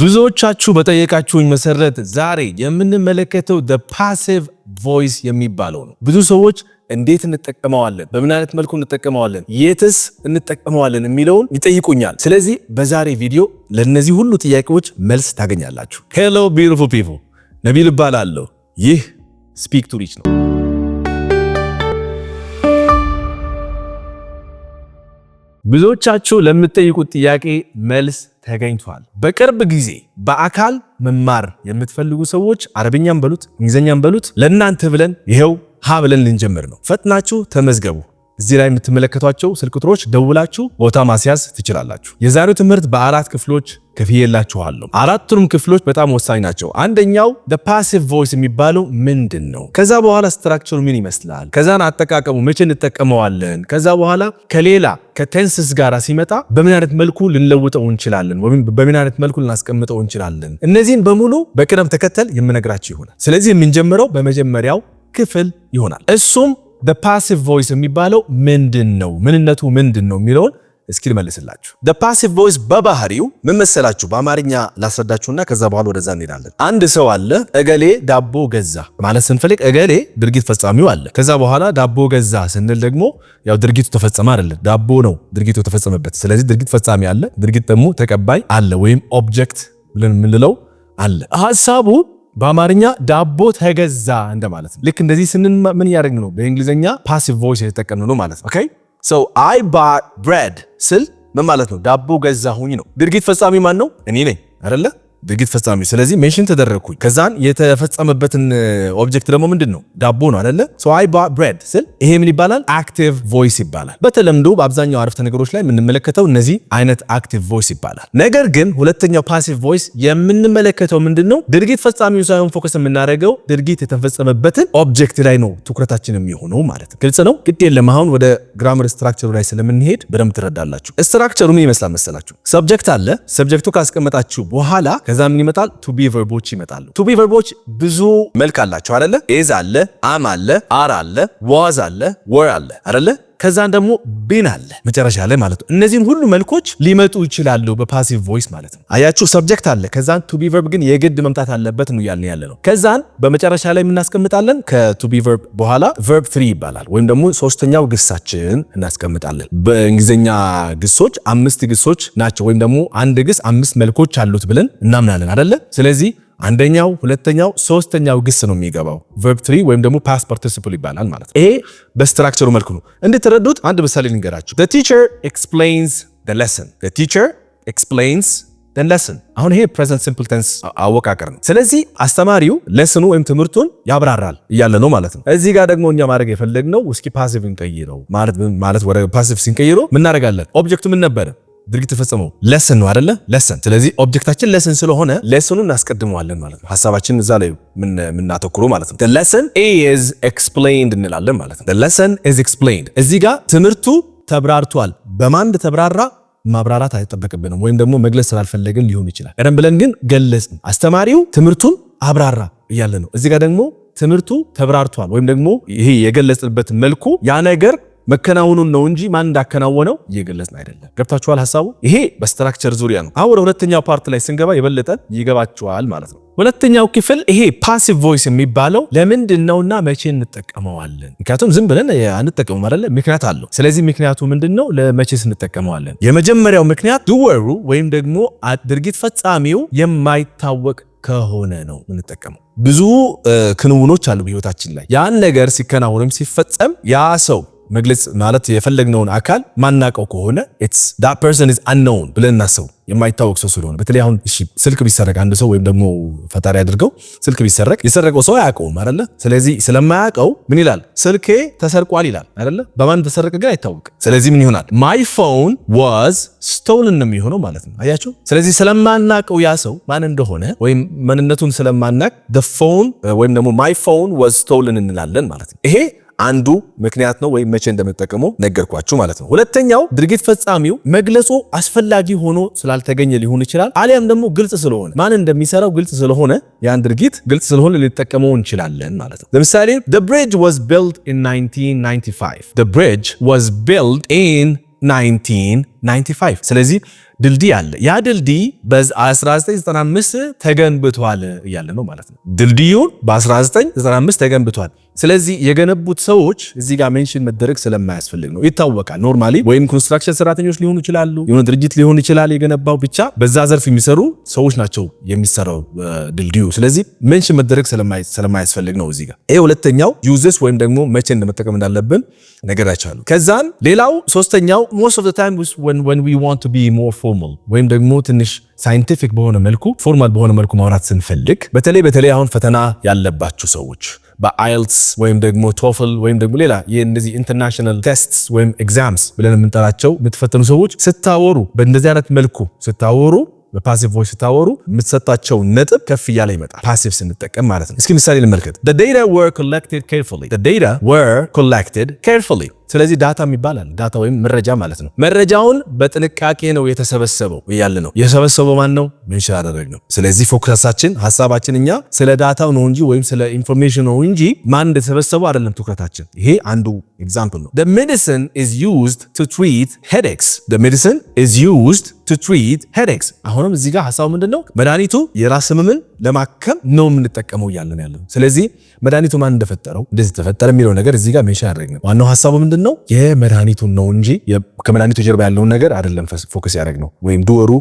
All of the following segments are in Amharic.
ብዙዎቻችሁ በጠየቃችሁኝ መሰረት ዛሬ የምንመለከተው ደ ፓሲቭ ቮይስ የሚባለው ነው። ብዙ ሰዎች እንዴት እንጠቀመዋለን፣ በምን አይነት መልኩ እንጠቀመዋለን፣ የትስ እንጠቀመዋለን የሚለውን ይጠይቁኛል። ስለዚህ በዛሬ ቪዲዮ ለእነዚህ ሁሉ ጥያቄዎች መልስ ታገኛላችሁ። ሄሎ ቢዩቲፉል ፒፕል ነቢል እባላለሁ። ይህ ስፒክ ቱ ሪች ነው። ብዙዎቻችሁ ለምትጠይቁት ጥያቄ መልስ ተገኝቷል። በቅርብ ጊዜ በአካል መማር የምትፈልጉ ሰዎች አረብኛም በሉት እንግሊዝኛም በሉት ለእናንተ ብለን ይኸው ሀ ብለን ልንጀምር ነው። ፈጥናችሁ ተመዝገቡ። እዚህ ላይ የምትመለከቷቸው ስልክ ቁጥሮች ደውላችሁ ቦታ ማስያዝ ትችላላችሁ። የዛሬው ትምህርት በአራት ክፍሎች ከፍዬላችኋለሁ። አራቱንም ክፍሎች በጣም ወሳኝ ናቸው። አንደኛው ፓሲቭ ቮይስ የሚባለው ምንድን ነው? ከዛ በኋላ ስትራክቸሩ ምን ይመስላል? ከዛን አጠቃቀሙ መቼ እንጠቀመዋለን? ከዛ በኋላ ከሌላ ከቴንስስ ጋር ሲመጣ በምን አይነት መልኩ ልንለውጠው እንችላለን? ወይም በምን አይነት መልኩ ልናስቀምጠው እንችላለን? እነዚህን በሙሉ በቅደም ተከተል የምነግራችሁ ይሆናል። ስለዚህ የምንጀምረው በመጀመሪያው ክፍል ይሆናል እሱም ፓሲቭ ቮይስ የሚባለው ምንድን ነው? ምንነቱ ምንድን ነው የሚለውን እስኪ ልመልስላችሁ። ፓሲቭ ቮይስ በባህሪው ምን መሰላችሁ? በአማርኛ ላስረዳችሁና ከዛ በኋላ ወደዛ እንሄዳለን። አንድ ሰው አለ እገሌ ዳቦ ገዛ ማለት ስንፈልግ እገሌ ድርጊት ፈጻሚው አለ። ከዛ በኋላ ዳቦ ገዛ ስንል ደግሞ ያው ድርጊቱ ተፈጸመ አይደለም፣ ዳቦ ነው ድርጊቱ የተፈጸመበት። ስለዚህ ድርጊት ፈጻሚ አለ፣ ድርጊት ደግሞ ተቀባይ አለ፣ ወይም ኦብጀክት ብለን የምንለው አለ። ሀሳቡ በአማርኛ ዳቦ ተገዛ እንደማለት ነው። ልክ እንደዚህ ስንን ምን እያደረግን ነው? በእንግሊዝኛ ፓሲቭ ቮይስ የተጠቀምን ነው ማለት ነው። ሰው አይ ባውት ብሬድ ስል ምን ማለት ነው? ዳቦ ገዛሁኝ ነው። ድርጊት ፈጻሚ ማን ነው? እኔ ነኝ አይደለ? ድርጊት ፈጻሚ። ስለዚህ ሜንሽን ተደረግኩኝ። ከዛን የተፈጸመበትን ኦብጀክት ደግሞ ምንድን ነው? ዳቦ ነው አደለ? ሶ አይ ባ ብሬድ ስል ይሄ ምን ይባላል? አክቲቭ ቮይስ ይባላል። በተለምዶ በአብዛኛው አረፍተ ነገሮች ላይ የምንመለከተው እነዚህ አይነት አክቲቭ ቮይስ ይባላል። ነገር ግን ሁለተኛው ፓሲቭ ቮይስ የምንመለከተው ምንድን ነው? ድርጊት ፈጻሚው ሳይሆን ፎከስ የምናደርገው ድርጊት የተፈጸመበትን ኦብጀክት ላይ ነው ትኩረታችን የሚሆነው ማለት ግልጽ ነው። ግድ የለም አሁን ወደ ግራመር ስትራክቸሩ ላይ ስለምንሄድ በደንብ ትረዳላችሁ። ስትራክቸሩ ምን ይመስላል መሰላችሁ? ሰብጀክት አለ። ሰብጀክቱ ካስቀመጣችሁ በኋላ ከዛ ምን ይመጣል? ቱ ቢ ቨርቦች ይመጣሉ። ቱ ቢ ቨርቦች ብዙ መልክ አላቸው አይደለ? ኤዝ አለ፣ አም አለ፣ አር አለ፣ ዋዝ አለ፣ ወር አለ አይደለ? ከዛን ደግሞ ቤን አለ መጨረሻ ላይ ማለት ነው። እነዚህን ሁሉ መልኮች ሊመጡ ይችላሉ በፓሲቭ ቮይስ ማለት ነው። አያችሁ ሰብጀክት አለ። ከዛን ቱቢ ቨርብ ግን የግድ መምጣት አለበት ነው ያልን ያለ ነው። ከዛን በመጨረሻ ላይ የምናስቀምጣለን ከቱቢ ቨርብ በኋላ ቨርብ ትሪ ይባላል ወይም ደግሞ ሶስተኛው ግሳችን እናስቀምጣለን። በእንግሊዝኛ ግሶች አምስት ግሶች ናቸው ወይም ደግሞ አንድ ግስ አምስት መልኮች አሉት ብለን እናምናለን አደለ። ስለዚህ አንደኛው፣ ሁለተኛው፣ ሶስተኛው ግስ ነው የሚገባው። ቨርብ ትሪ ወይም ደግሞ ፓስት ፓርቲሲፕል ይባላል ማለት ነው። ይሄ በስትራክቸሩ መልኩ ነው እንድትረዱት። አንድ ምሳሌ ልንገራችሁ። ዘ ቲቸር ኤክስፕሌይንስ ዘ ሌሰን። ዘ ቲቸር ኤክስፕሌይንስ ዘ ሌሰን። አሁን ይሄ ፕሬዘንት ሲምፕል ቴንስ አወቃቀር ነው። ስለዚህ አስተማሪው ለስኑ ወይም ትምህርቱን ያብራራል እያለ ነው ማለት ነው። እዚህ ጋር ደግሞ እኛ ማድረግ የፈለግነው እስኪ ፓሲቭ እንቀይረው ማለት ማለት ወደ ፓሲቭ ሲንቀይረው ምናደርጋለን? ኦብጀክቱ ምን ነበር? ድርጊት ተፈጸመው ለሰን ነው አይደለ? ለሰን። ስለዚህ ኦብጀክታችን ለሰን ስለሆነ ለሰኑ እናስቀድመዋለን ማለት ነው። ሀሳባችን እዛ ላይ የምናተኩሩ ማለት ነው። ለሰን ኢዝ ኤክስፕሌይንድ እንላለን ማለት ነው። ለሰን ኢዝ ኤክስፕሌይንድ። እዚህ ጋር ትምህርቱ ተብራርቷል። በማን ተብራራ ማብራራት አይጠበቅብንም፣ ወይም ደግሞ መግለጽ ስላልፈለግን ሊሆን ይችላል። ቀደም ብለን ግን ገለጽን። አስተማሪው ትምህርቱን አብራራ እያለ ነው። እዚህ ጋር ደግሞ ትምህርቱ ተብራርቷል፣ ወይም ደግሞ ይሄ የገለጽንበት መልኩ ያ ነገር መከናወኑን ነው እንጂ ማን እንዳከናወነው እየገለጽን አይደለም። ገብታችኋል ሀሳቡ? ይሄ በስትራክቸር ዙሪያ ነው። አሁን ሁለተኛው ፓርት ላይ ስንገባ የበለጠን ይገባችኋል ማለት ነው። ሁለተኛው ክፍል ይሄ ፓሲቭ ቮይስ የሚባለው ለምንድን ነውና መቼ እንጠቀመዋለን? ምክንያቱም ዝም ብለን አንጠቀመው አይደለ? ምክንያት አለው። ስለዚህ ምክንያቱ ምንድን ነው? ለመቼ እንጠቀመዋለን? የመጀመሪያው ምክንያት ዱወሩ ወይም ደግሞ ድርጊት ፈጻሚው የማይታወቅ ከሆነ ነው የምንጠቀመው። ብዙ ክንውኖች አሉ በህይወታችን ላይ ያን ነገር ሲከናወንም ሲፈጸም ያ ሰው መግለጽ ማለት የፈለግነውን አካል ማናቀው ከሆነ ፐርሰን ኢዝ አንኖውን ብለን እናስቡ። የማይታወቅ ሰው ስለሆነ በተለይ አሁን እሺ ስልክ ቢሰረቅ አንድ ሰው ወይም ደግሞ ፈጣሪ አድርገው ስልክ ቢሰረቅ የሰረቀው ሰው አያውቀውም አይደለ? ስለዚህ ስለማያውቀው ምን ይላል? ስልኬ ተሰርቋል ይላል አይደለ? በማን ተሰረቀ ግን አይታወቅ። ስለዚህ ምን ይሆናል? ማይ ፎን ዋዝ ስቶልን ነው የሚሆነው ማለት ነው። አያቸው። ስለዚህ ስለማናቀው ያ ሰው ማን እንደሆነ ወይም ማንነቱን ስለማናቅ ፎን ወይም ደግሞ ማይ ፎን ዋዝ ስቶልን እንላለን ማለት ነው ይሄ አንዱ ምክንያት ነው ወይም መቼ እንደምጠቀመው ነገርኳችሁ ማለት ነው። ሁለተኛው ድርጊት ፈጻሚው መግለጹ አስፈላጊ ሆኖ ስላልተገኘ ሊሆን ይችላል። አሊያም ደግሞ ግልጽ ስለሆነ ማን እንደሚሰራው ግልጽ ስለሆነ ያን ድርጊት ግልጽ ስለሆነ ሊጠቀመው እንችላለን ማለት ነው። ለምሳሌ the bridge was built in 1995 the bridge was built in 1995 ስለዚህ ድልድይ አለ። ያ ድልድይ በ1995 ተገንብቷል እያለ ነው ማለት ነው። ድልድዩን በ1995 ተገንብቷል። ስለዚህ የገነቡት ሰዎች እዚህ ጋር ሜንሽን መደረግ ስለማያስፈልግ ነው። ይታወቃል። ኖርማሊ ወይም ኮንስትራክሽን ሰራተኞች ሊሆኑ ይችላሉ፣ የሆነ ድርጅት ሊሆን ይችላል የገነባው ብቻ በዛ ዘርፍ የሚሰሩ ሰዎች ናቸው የሚሰራው ድልድዩ። ስለዚህ ሜንሽን መደረግ ስለማያስፈልግ ነው እዚህ ጋር። ይሄ ሁለተኛው ዩዝስ ወይም ደግሞ መቼ እንደመጠቀም እንዳለብን ነገር አይቻሉ። ከዛን ሌላው ሶስተኛው ሞስት ኦፍ ታይም ወን ዊ ዋንት ቱ ቢ ሞር ፎርማል ወይም ደግሞ ትንሽ ሳይንቲፊክ በሆነ መልኩ ፎርማል በሆነ መልኩ ማውራት ስንፈልግ በተለይ በተለይ አሁን ፈተና ያለባችሁ ሰዎች በአይልትስ ወይም ደግሞ ቶፍል ወይም ደግሞ ሌላ የእነዚህ ኢንተርናሽናል ቴስትስ ወይም ኤግዛምስ ብለን የምንጠራቸው የምትፈተኑ ሰዎች ስታወሩ፣ በእንደዚህ አይነት መልኩ ስታወሩ በፓሲቭ ቮይስ ስታወሩ የምትሰጣቸው ነጥብ ከፍ እያለ ይመጣል፣ ፓሲቭ ስንጠቀም ማለት ነው። እስኪ ምሳሌ እንመልከት። ዳታ ወር ኮሌክትድ ኬርፉሊ ስለዚህ ዳታ የሚባላል ዳታ ወይም መረጃ ማለት ነው። መረጃውን በጥንቃቄ ነው የተሰበሰበው እያለ ነው። የሰበሰበው ማን ነው? ሜንሽን አደረግ ነው። ስለዚህ ፎከሳችን ሀሳባችን እኛ ስለ ዳታው ነው እንጂ ወይም ስለ ኢንፎርሜሽን ነው እንጂ ማን እንደተሰበሰበው አይደለም ትኩረታችን። ይሄ አንዱ ኤግዛምፕል ነው። the medicine is used to treat headaches the medicine is used to treat headaches አሁንም እዚህ ጋር ሀሳቡ ምንድን ነው? መድኃኒቱ የራስ ህመምን ለማከም ነው የምንጠቀመው እያለን ያለ ነው። ስለዚህ መድኃኒቱ ማን እንደፈጠረው እንደዚህ ተፈጠረ የሚለው ነገር እዚህ ጋር ሜንሽን ያደረግነው ዋናው ሀሳቡ ምንድን ነው? የመድኃኒቱን ነው እንጂ ከመድኃኒቱ ጀርባ ያለውን ነገር አይደለም ፎከስ ነው ወይም ድወሩ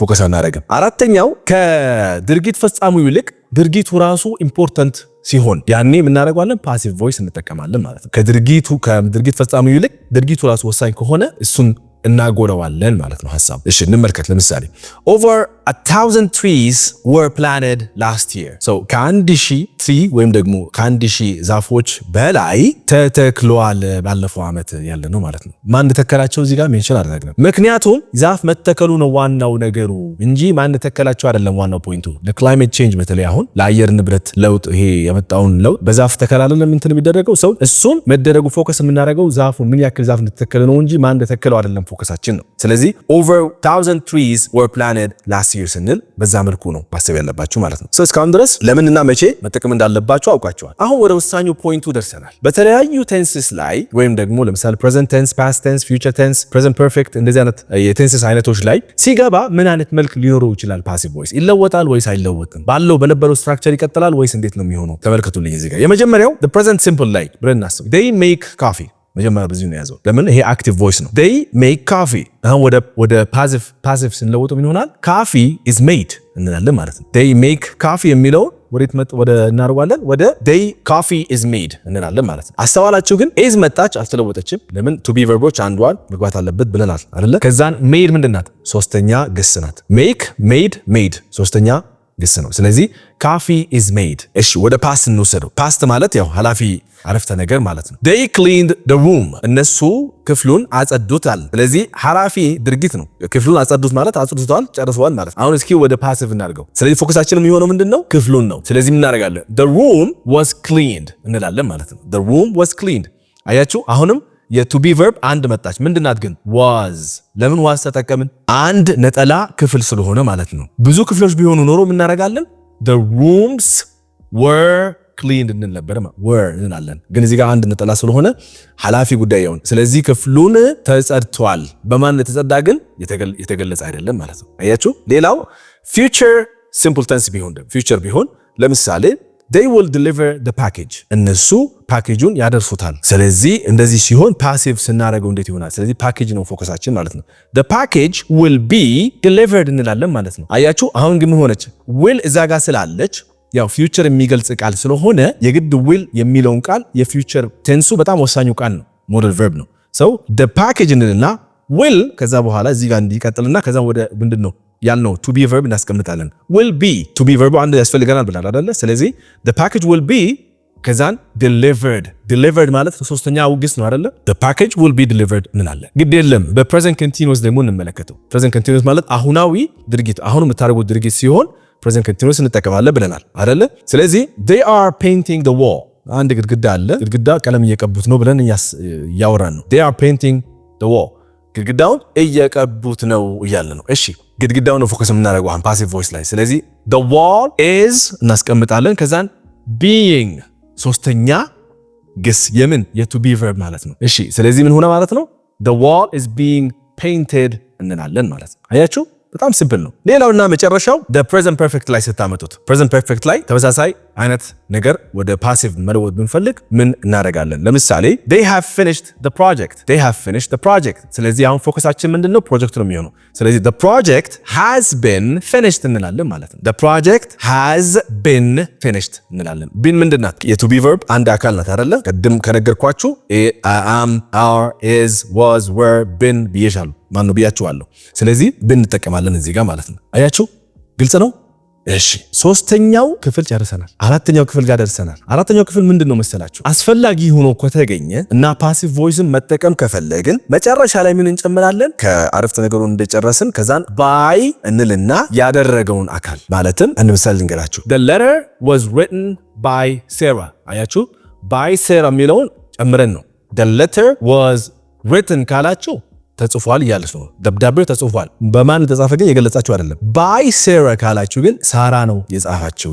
ፎከስ አናደረግም። አራተኛው ከድርጊት ፈጻሚው ይልቅ ድርጊቱ ራሱ ኢምፖርታንት ሲሆን ያኔ የምናደርገዋለን ፓሲቭ ቮይስ እንጠቀማለን ማለት ነው። ከድርጊቱ ከድርጊት ፈጻሚው ይልቅ ድርጊቱ ራሱ ወሳኝ ከሆነ እሱን እናጎለዋለን ማለት ነው ሀሳቡ። እሺ እንመልከት። ለምሳሌ ኦቨር 1000 trees were planted last year so ከአንድ ሺህ ትሪ ወይም ደግሞ ከአንድ ሺህ ዛፎች በላይ ተተክሏል ባለፈው ዓመት ያለ ነው ማለት ነው። ማን ተከላቸው እዚህ ጋር ሜንሽን አደረግነው። ምክንያቱም ዛፍ መተከሉ ነው ዋናው ነገሩ እንጂ ማን ተከላቸው አይደለም። ዋናው ፖይንቱ ለክላይሜት ቼንጅ በተለይ አሁን ለአየር ንብረት ለውጥ ይሄ የመጣውን ለውጥ በዛፍ ተከላለን ምንትን የሚደረገው ሰው እሱም መደረጉ ፎከስ የምናደርገው ዛፉን ምን ያክል ዛፍ እንደተተከለ ነው እንጂ ማን ተተከለው አይደለም ፎከሳችን ነው። ስለዚህ over 1000 trees were planted last አስር ስንል በዛ መልኩ ነው ማሰብ ያለባችሁ ማለት ነው። እስካሁን ድረስ ለምንና መቼ መጠቀም እንዳለባችሁ አውቃችኋል። አሁን ወደ ወሳኙ ፖይንቱ ደርሰናል። በተለያዩ ቴንስስ ላይ ወይም ደግሞ ለምሳሌ ፕሬዘንት ቴንስ፣ ፓስት ቴንስ፣ ፊውቸር ቴንስ፣ ፕሬዘንት ፐርፌክት እንደዚህ አይነት የቴንስስ አይነቶች ላይ ሲገባ ምን አይነት መልክ ሊኖረው ይችላል? ፓሲቭ ቮይስ ይለወጣል ወይስ አይለወጥም? ባለው በነበረው ስትራክቸር ይቀጥላል ወይስ እንዴት ነው የሚሆነው? ተመልከቱልኝ እዚህ ጋር የመጀመሪያው ፕሬዘንት ሲምፕል ላይ ብለን እናስብ ሜክ ካፊ መጀመሪያ በዚህ ነው የያዘው። ለምን ይሄ አክቲቭ ቮይስ ነው። ዴይ ሜክ ካፊ። አሁን ወደ ፓሲቭ ፓሲቭ ስንለውጠው ምን ይሆናል? ካፊ ኢዝ ሜድ እንላለን ማለት ነው። ዴይ ሜክ ካፊ የሚለውን ወዴት መጥ ወደ እናደርጓለን ወደ ዴይ ካፊ ኢዝ ሜድ እንላለን ማለት ነው። አስተዋላችሁ ግን ኢዝ መጣች አልተለወጠችም። ለምን ቱ ቢ ቨርቦች አንዷን መግባት አለበት ብለናል አይደለ? ከዛን ሜድ ምንድን ናት? ሶስተኛ ግስ ናት። ሜክ ሜድ ሜድ ሶስተኛ ግስ ነው። ስለዚህ ካፊ ኢዝ ሜድ። እሺ ወደ ፓስት እንውሰደው። ፓስት ማለት ያው ኃላፊ አረፍተ ነገር ማለት ነው። ዴይ ክሊንድ ደ ሩም፣ እነሱ ክፍሉን አጸዱታል። ስለዚህ ኃላፊ ድርጊት ነው። ክፍሉን አጸዱት ማለት አጽዱቷል፣ ጨርሰዋል ማለት ነው። አሁን እስኪ ወደ ፓሲቭ እናድርገው። ስለዚህ ፎከሳችን የሚሆነው ምንድን ነው? ክፍሉን ነው። ስለዚህ እናደርጋለን ደ ሩም ዋዝ ክሊንድ እንላለን ማለት ነው። ደ ሩም ዋዝ ክሊንድ። አያችሁ አሁንም የቱቢ ቨርብ አንድ መጣች። ምንድናት ግን? ዋዝ። ለምን ዋዝ ተጠቀምን? አንድ ነጠላ ክፍል ስለሆነ ማለት ነው። ብዙ ክፍሎች ቢሆኑ ኖሮ የምናደርጋለን ሩምስ ወር ክሊን እንነበረ ወር እንላለን። ግን እዚህ ጋር አንድ ነጠላ ስለሆነ ኃላፊ ጉዳይ ይሆን። ስለዚህ ክፍሉን ተጸድቷል። በማን የተጸዳ ግን የተገለጸ አይደለም ማለት ነው። አያችሁ። ሌላው ፊውቸር ሲምፕል ተንስ ቢሆን ፊውቸር ቢሆን ለምሳሌ they will deliver the package እነሱ ፓኬጁን ያደርሱታል። ስለዚህ እንደዚህ ሲሆን ፓሲቭ ስናደርገው እንዴት ይሆናል? ስለዚህ ፓኬጅ ነው ፎከሳችን ማለት ነው። the package will be delivered እንላለን ማለት ነው። አያችሁ አሁን ግን ሆነች will እዛ ጋር ስላለች ያው ፊውቸር የሚገልጽ ቃል ስለሆነ የግድ will የሚለውን ቃል የፊውቸር ቴንሱ በጣም ወሳኙ ቃል ነው። ሞደል ቨርብ ነው። ሰው the package እንልና will ከዛ በኋላ እዚህ ጋር እንዲቀጥልና ከዛ ወደ ምንድን ነው ያልነው ቱ ቢ ቨርብ እናስቀምጣለን። ዊል ቢ ቱ ቢ ቨርቡ አንድ ያስፈልገናል ብላል አይደለ? ስለዚህ ፓኬጅ ዊል ቢ ከዛን ዲሊቨርድ ዲሊቨርድ ማለት ሶስተኛ ውግስ ነው አይደለ? ፓኬጅ ዊል ቢ ዲሊቨርድ እንላለን። ግድ የለም በፕሬዘንት ኮንቲኒዩስ ደግሞ እንመለከተው። ፕሬዘንት ኮንቲኒዩስ ማለት አሁናዊ ድርጊት፣ አሁን የምታደርጉት ድርጊት ሲሆን ፕሬዘንት ኮንቲኒዩስ እንጠቀማለን ብለናል አይደለ? ስለዚህ ዴይ አር ፔይንቲንግ ዘ ዋል አንድ ግድግዳ አለ። ግድግዳ ቀለም እየቀቡት ነው ብለን እያወራን ነው። ዴይ አር ፔይንቲንግ ዘ ዋል ግድግዳውን እየቀቡት ነው እያለ ነው። እሺ ግድግዳው ነው ፎከስ የምናደርገው አሁን ፓሲቭ ቮይስ ላይ። ስለዚህ the wall እናስቀምጣለን። ከዛን ቢይንግ ሶስተኛ ግስ የምን የቱ ቢ ቨርብ ማለት ነው። እሺ ስለዚህ ምን ሆነ ማለት ነው the wall is being እንላለን ማለት ነው። አያችሁ በጣም ስብል ነው። ሌላውና መጨረሻው the ፐርፌክት ላይ ስታመጡት ፕሬዘንት ፐርፌክት ላይ ተመሳሳይ አይነት ነገር ወደ ፓሲቭ መለወጥ ብንፈልግ ምን እናደርጋለን? ለምሳሌ they have finished the project they have finished the project። ስለዚህ አሁን ፎከሳችን ምንድን ነው? ፕሮጀክት ነው የሚሆነው። ስለዚህ the project has been finished እንላለን ማለት ነው። the project has been finished እንላለን። ቢን ምንድን ናት? የቱ ቢ ቨርብ አንድ አካል ናት አይደለ? ቅድም ከነገርኳችሁ am are is was were been ብዬሻሉ ማን ነው ብያችኋለሁ። ስለዚህ ብን እንጠቀማለን እዚህ ጋር ማለት ነው። አያችሁ፣ ግልጽ ነው። እሺ ሶስተኛው ክፍል ጨርሰናል። አራተኛው ክፍል ጋር ደርሰናል። አራተኛው ክፍል ምንድን ነው መሰላችሁ? አስፈላጊ ሆኖ ከተገኘ እና ፓሲቭ ቮይስን መጠቀም ከፈለግን መጨረሻ ላይ ምን እንጨምራለን? ከአረፍተ ነገሩን እንደጨረስን ከዛን ባይ እንልና ያደረገውን አካል ማለትም እንምሳል ልንገራችሁ። the letter was written by Sarah አያችሁ፣ ባይ ሴራ የሚለውን ጨምረን ነው the letter was written ካላችሁ ተጽፏል እያለች ነው። ደብዳቤው ተጽፏል። በማን ተጻፈ ግን የገለጻችሁ አይደለም። ባይ ሴራ ካላችሁ ግን ሳራ ነው የጻፋችሁ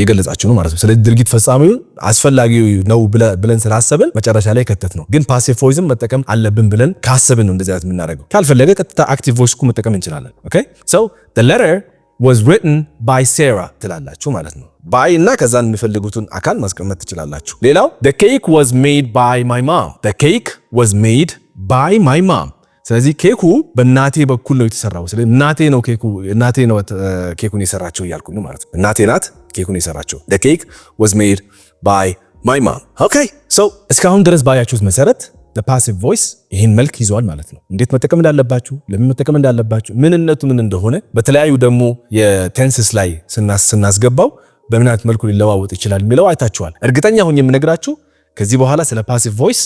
የገለጻችሁ ነው ማለት ነው። ስለዚህ ድርጊት ፈጻሚው አስፈላጊ ነው ብለን ስላሰብን መጨረሻ ላይ ከተት ነው። ግን ፓሲቭ ቮይስም መጠቀም አለብን ብለን ካሰብን ነው እንደዚህ አይነት የምናደርገው። ካልፈለገ ቀጥታ አክቲቭ ቮይስ እኮ መጠቀም እንችላለን። ኦኬ ሰው ለተር was written by ትላላችሁ ማለት ነው። ባይ እና ከዛን የሚፈልጉትን አካል ማስቀመጥ ትችላላችሁ። ሌላው the cake was made by my mom ባይ ማይ ማም። ስለዚህ ኬኩ በእናቴ በኩል ነው የተሰራው። ስለ እናቴ ነው ኬኩ እናቴ ነው ኬኩን የሰራቸው እያልኩኝ ማለት ነው። እናቴ ናት ኬኩን የሰራቸው። the ወዝ ሜድ ባይ by my mom okay እስካሁን ድረስ ባያችሁት መሰረት ፓሲቭ ቮይስ ይህን መልክ ይዟል ማለት ነው። እንዴት መጠቀም እንዳለባችሁ፣ ለምን መጠቀም እንዳለባችሁ፣ ምንነቱ ምን እንደሆነ በተለያዩ ደግሞ የቴንስስ ላይ ስናስገባው በምን አይነት መልኩ ሊለዋወጥ ይችላል የሚለው አይታችኋል። እርግጠኛ ሁኝ የምነግራችሁ ከዚህ በኋላ ስለ ፓሲቭ ቮይስ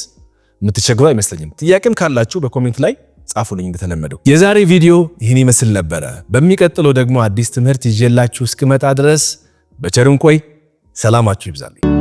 የምትቸግሩ አይመስለኝም። ጥያቄም ካላችሁ በኮሜንት ላይ ጻፉልኝ። እንደተለመደው የዛሬ ቪዲዮ ይህን ይመስል ነበረ። በሚቀጥለው ደግሞ አዲስ ትምህርት ይዤላችሁ እስክመጣ ድረስ በቸርንቆይ ቆይ። ሰላማችሁ ይብዛልኝ።